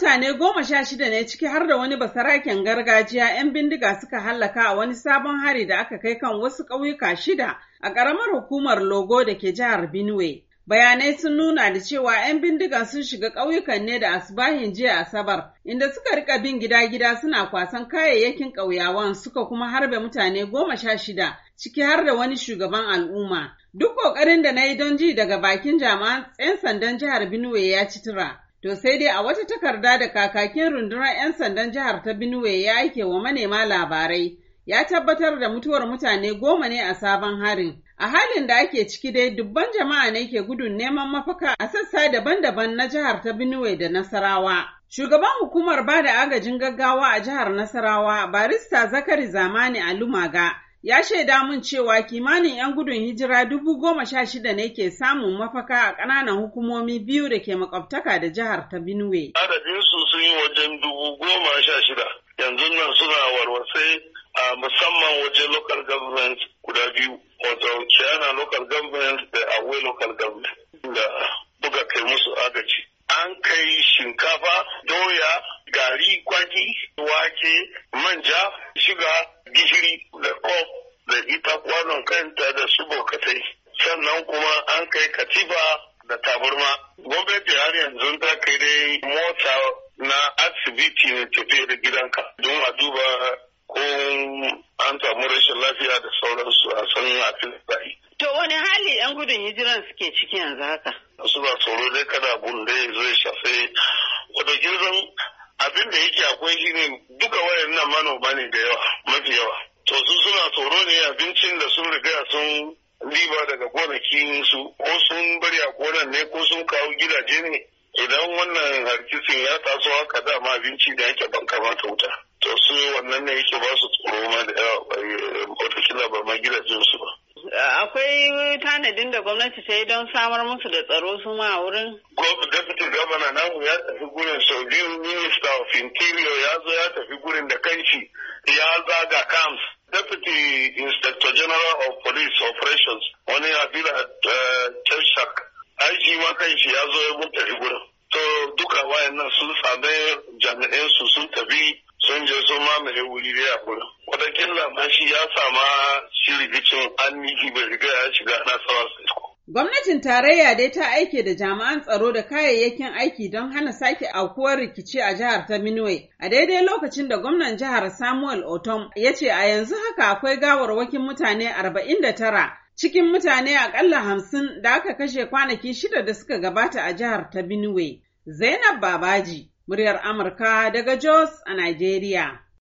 mutane goma sha shida ne ciki har da wani basaraken gargajiya 'yan bindiga suka hallaka a wani sabon hari da aka kai kan wasu ƙauyuka shida a ƙaramar hukumar logo da ke jihar Benue. Bayanai sun nuna da cewa 'yan bindiga sun shiga ƙauyukan ne da asibahin jiya Asabar, inda suka rika bin gida-gida suna kwasan kayayyakin ƙauyawan suka kuma harbe mutane goma sha shida, ciki har da wani shugaban al'umma. Duk ƙoƙarin da na yi don ji daga bakin jami'an 'yan sandan jihar Benue ya ci tura. To sai dai a wata takarda da kakakin rundunar 'yan sandan jihar ta Benue ya aike wa manema labarai ya tabbatar da mutuwar mutane goma ne a sabon harin. A halin da ake ciki dai dubban jama'a ne ke gudun neman mafaka a sassa daban-daban na jihar ta Benue da Nasarawa. Shugaban hukumar ba da agajin gaggawa a jihar Nasarawa, barista Zakari Zamani Alumaga, ya shaida min cewa kimanin 'yan gudun hijira dubu goma sha shida ne ke samun mafaka a ƙananan hukumomi biyu da ke makwabtaka da jihar ta Benue. Adadinsu sun yi wajen dubu goma sha shida, yanzu nan suna warwatse a musamman wajen local government guda biyu, wato kiyana local government da Awe local government da buga kai musu agaji. An kai shinkafa, doya, gari, kwaki, wake, manja, shiga, gishiri ita kwanon kanta da su bokatai sannan kuma an kai katifa da taburma gwamnati har yanzu ta kai dai mota na asibiti na tafiya da gidanka don a duba ko an samu rashin lafiya da sauransu a san afin zai. To wani hali 'yan gudun hijiran suke ciki yanzu haka? Suna tsoro dai kada abun da ya zo ya shafe wata girgin abin da yake akwai shi ne duka wayan nan manoma ne da yawa mafi yawa. to su suna tsoro ne abincin da sun riga sun riba daga gonakin su ko sun bari a gonan ne ko sun kawo gidaje ne idan wannan harkisin ya taso haka dama abinci da yake ban kamata wuta to su wannan ne yake ba su tsoro ma da yawa ba ma gidajen su ba akwai tanadin da gwamnati ta yi don samar musu da tsaro su ma wurin? Deputy Governor namu ya tafi gurin sau biyu Minister of Interior ya zo ya tafi gurin da kanshi ya zaga camps deputy inspector general of police operations wani abila eh, tashak aiki makan kan shi ya zo ya mun tafi to duka wayannan sun same jami'an su sun tafi sun je sun mamaye wuri da gurin wata killa ya sama shi rigicin an bai riga ya shiga na sawa sai Gwamnatin tarayya dai ta aike da jami'an tsaro da kayayyakin aiki don hana sake aukuwar rikici a jihar ta A daidai lokacin da gwamnan jihar Samuel Otom ya ce a yanzu haka akwai gawarwakin mutane 49 cikin mutane akalla hamsin da aka kashe kwanaki shida da suka gabata a jihar ta Benue. Zainab Babaji, muryar Amurka daga Jos a Najeriya.